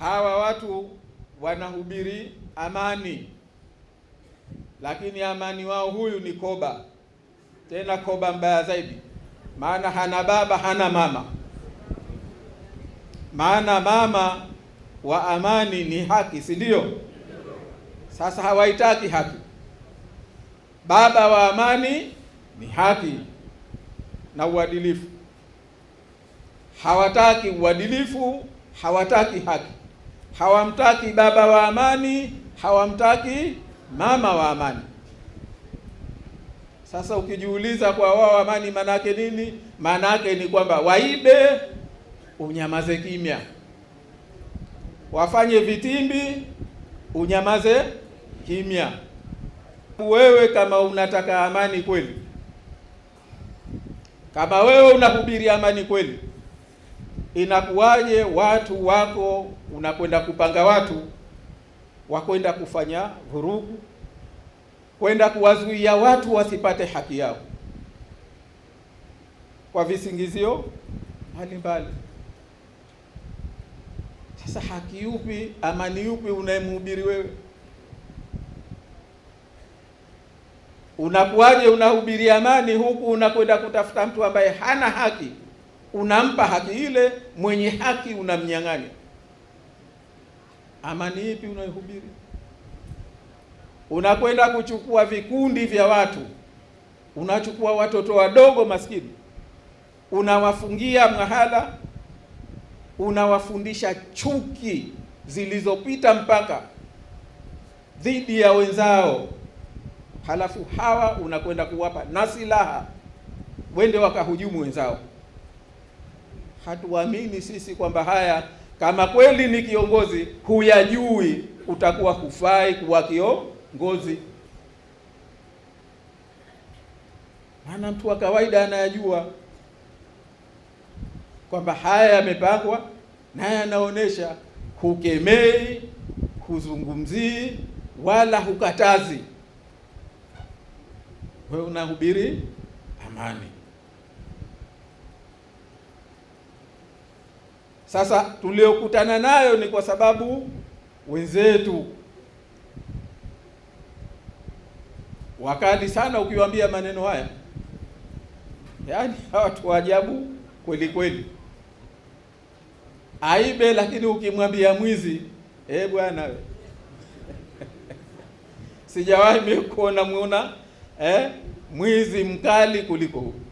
hawa watu wanahubiri amani, lakini amani wao huyu ni koba, tena koba mbaya zaidi, maana hana baba hana mama. Maana mama wa amani ni haki, si ndio? Sasa hawaitaki haki. Baba wa amani ni haki na uadilifu. Hawataki uadilifu, hawataki haki hawamtaki baba wa amani, hawamtaki mama wa amani. Sasa ukijiuliza kwa wao amani maana yake nini? Maana yake ni kwamba waibe, unyamaze kimya, wafanye vitimbi, unyamaze kimya. Wewe kama unataka amani kweli, kama wewe unahubiri amani kweli Inakuwaje watu wako unakwenda kupanga watu wakwenda kufanya vurugu, kwenda kuwazuia watu wasipate haki yao kwa visingizio mbalimbali. Sasa haki yupi, amani yupi unayemhubiri wewe? Unakuwaje unahubiri amani huku unakwenda kutafuta mtu ambaye hana haki? unampa haki ile, mwenye haki unamnyang'anya. Amani ipi unayohubiri? Unakwenda kuchukua vikundi vya watu, unachukua watoto wadogo maskini, unawafungia mahala, unawafundisha chuki zilizopita mpaka dhidi ya wenzao, halafu hawa unakwenda kuwapa na silaha wende wakahujumu wenzao hatuamini sisi kwamba haya, kama kweli ni kiongozi huyajui, utakuwa hufai kuwa kiongozi. Maana mtu wa kawaida anayajua kwamba haya yamepangwa, naye anaonesha, hukemei, huzungumzii wala hukatazi, wewe unahubiri amani. Sasa tuliokutana nayo ni kwa sababu wenzetu wakali sana, ukiwaambia maneno haya, yaani watu wa ajabu kweli kweli, aibe. Lakini ukimwambia mwizi, eh bwana we sijawahi mimi kuona muona eh, mwizi mkali kuliko huu.